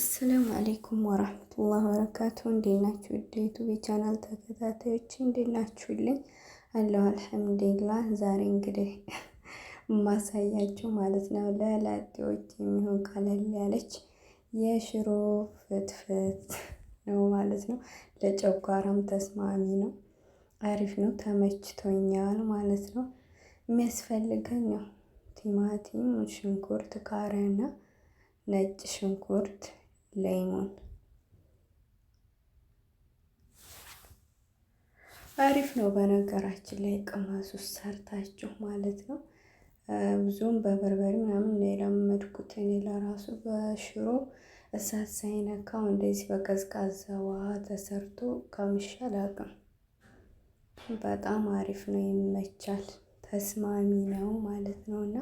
አሰላሙ አሌይኩም ወራህመቱላህ በረካቱ። እንዴት ናችሁ? ዩቱብ ቻናል ተከታታዮች እንዴት ናችሁልኝ? አለሁ አልሐምዱሊላህ። ዛሬ እንግዲህ ማሳያችሁ ማለት ነው ለላጤዎች የሚሆን ቀለል ያለች የሽሮ ፍትፍት ነው ማለት ነው። ለጨጓራም ተስማሚ ነው፣ አሪፍ ነው፣ ተመችቶኛል ማለት ነው። የሚያስፈልገን ነው ቲማቲም፣ ሽንኩርት፣ ቃሪያና ነጭ ሽንኩርት ለይሞን አሪፍ ነው። በነገራችን ላይ ቅመሱ ሰርታችሁ ማለት ነው። ብዙም በበርበሬ ምናምን ነው የለመድኩት እኔ ለራሱ በሽሮ እሳት ሳይነካው እንደዚህ በቀዝቃዛ ውሃ ተሰርቶ ከምሻ አላውቅም። በጣም አሪፍ ነው፣ ይመቻል፣ ተስማሚ ነው ማለት ነው እና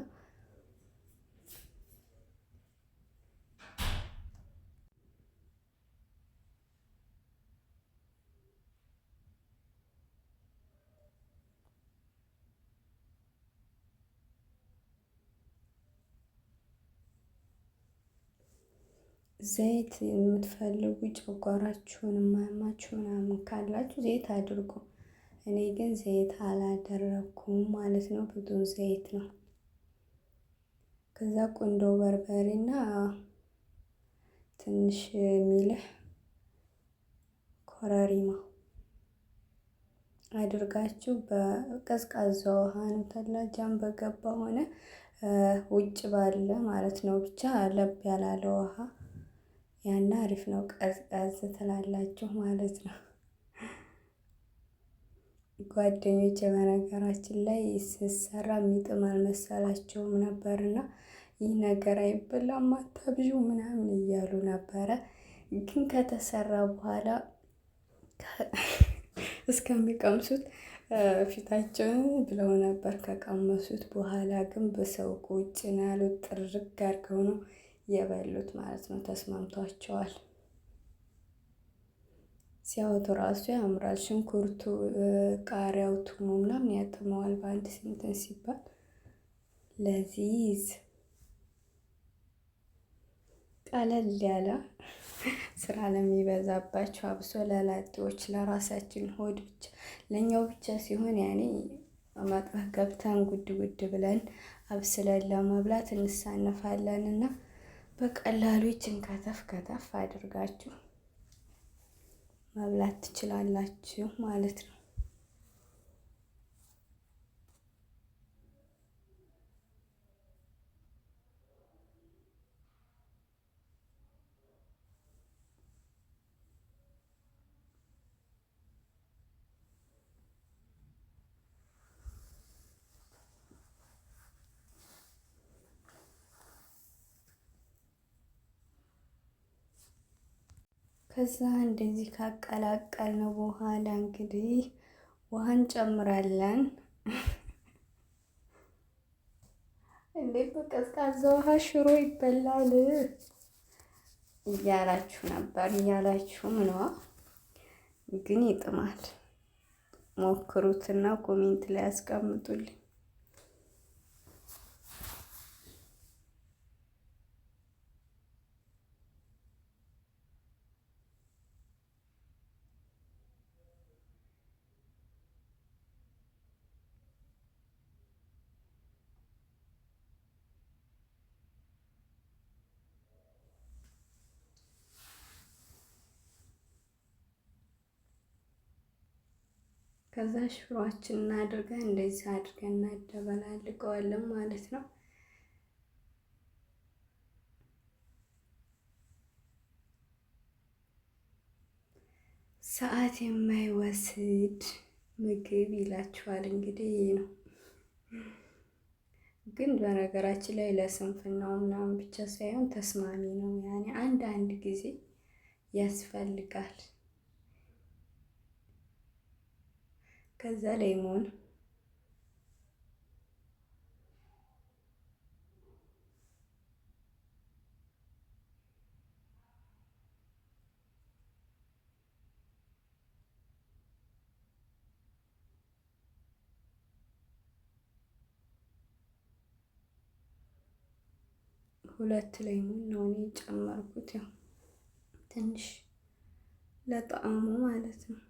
ዘይት የምትፈልጉ ጨጓራችሁን ማማችሁ ምናምን ካላችሁ ዘይት አድርጉ። እኔ ግን ዘይት አላደረኩም ማለት ነው። ብዙ ዘይት ነው። ከዛ ቁንዶ በርበሬና ትንሽ ሚልህ ኮረሪማ አድርጋችሁ በቀዝቃዛ ውሃ ነው ተላጃም በገባ ሆነ ውጭ ባለ ማለት ነው ብቻ ለብ ያላለ ውሃ ያን አሪፍ ነው። ቀዝቀዝ ትላላችሁ ማለት ነው ጓደኞች። በነገራችን ላይ ስሰራ የሚጥም አልመሰላቸውም ነበርና ይህ ነገር አይበላም አታብዡ ምናምን እያሉ ነበረ። ግን ከተሰራ በኋላ እስከሚቀምሱት ፊታቸውን ብለው ነበር። ከቀመሱት በኋላ ግን በሰው ቁጭ ነው ያሉት። ጥርግ አድርገው ነው የበሉት ማለት ነው። ተስማምቷቸዋል። ሲያወጡ ራሱ ያምራል። ሽንኩርቱ፣ ቃሪያው፣ ቱሙ ምናምን ያጥመዋል በአንድ ስንትን ሲባል ለዚዝ ቀለል ያለ ስራ ለሚበዛባቸው አብሶ ለላጤዎች ለራሳችን ሆድ ብቻ ለእኛው ብቻ ሲሆን ያኔ መጥበህ ገብተን ጉድ ጉድ ብለን አብስለን ለመብላት እንሳነፋለን እና በቀላሉ ይችን ከተፍ ከተፍ አድርጋችሁ መብላት ትችላላችሁ ማለት ነው። ከዛ እንደዚህ ካቀላቀል ነው በኋላ እንግዲህ ውሃ እንጨምራለን። እንዴት በቀዝቃዛ ውሃ ሽሮ ይበላል እያላችሁ ነበር እያላችሁም ነው፣ ግን ይጥማል። ሞክሩትና ኮሜንት ላይ ያስቀምጡልኝ። ከዛ ሽሮአችን እናድርገን እንደዚህ አድርገን እናደበላልቀዋለን ማለት ነው። ሰዓት የማይወስድ ምግብ ይላችኋል እንግዲህ ይህ ነው። ግን በነገራችን ላይ ለስንፍናው ምናምን ብቻ ሳይሆን ተስማሚ ነው። ያኔ አንድ አንድ ጊዜ ያስፈልጋል። ከዛ ሌሞን ሁለት ሌሞን ነው እኔ የጨመርኩት፣ ያው ትንሽ ለጣዕሙ ማለት ነው።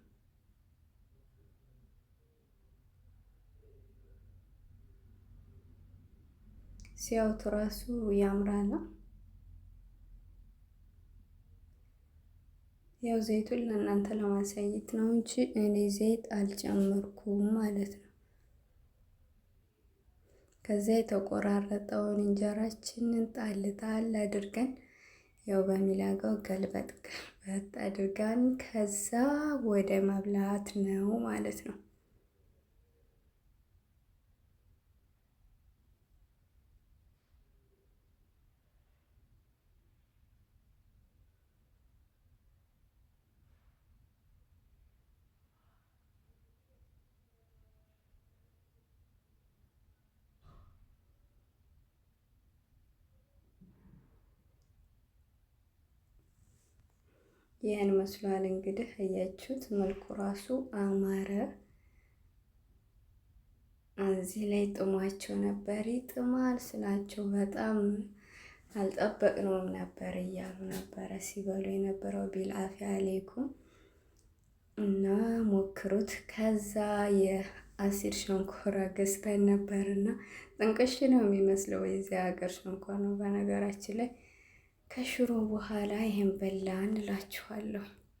ሲያዩት ራሱ ያምራል። ያው ዘይቱን ለእናንተ ለማሳየት ነው እንጂ እኔ ዘይት አልጨመርኩም ማለት ነው። ከዚያ የተቆራረጠውን እንጀራችንን ጣል ጣል አድርገን ያው በሚላጋው ገልበጥ ገልበጥ አድርገን ከዛ ወደ መብላት ነው ማለት ነው። ይህን መስሏል እንግዲህ እያችሁት መልኩ ራሱ አማረ። እዚህ ላይ ጥሟቸው ነበር ይጥማል ስላቸው በጣም አልጠበቅነውም ነበር እያሉ ነበረ ሲበሉ የነበረው ቢልአፊ አሌይኩም እና ሞክሩት። ከዛ የአሲድ ሸንኮራ ገዝተን ነበርና ጥንቅሽ ነው የሚመስለው የዚያ ሀገር ሸንኮራ ነው በነገራችን ላይ ከሽሮ በኋላ ይህን በላ እንላችኋለሁ።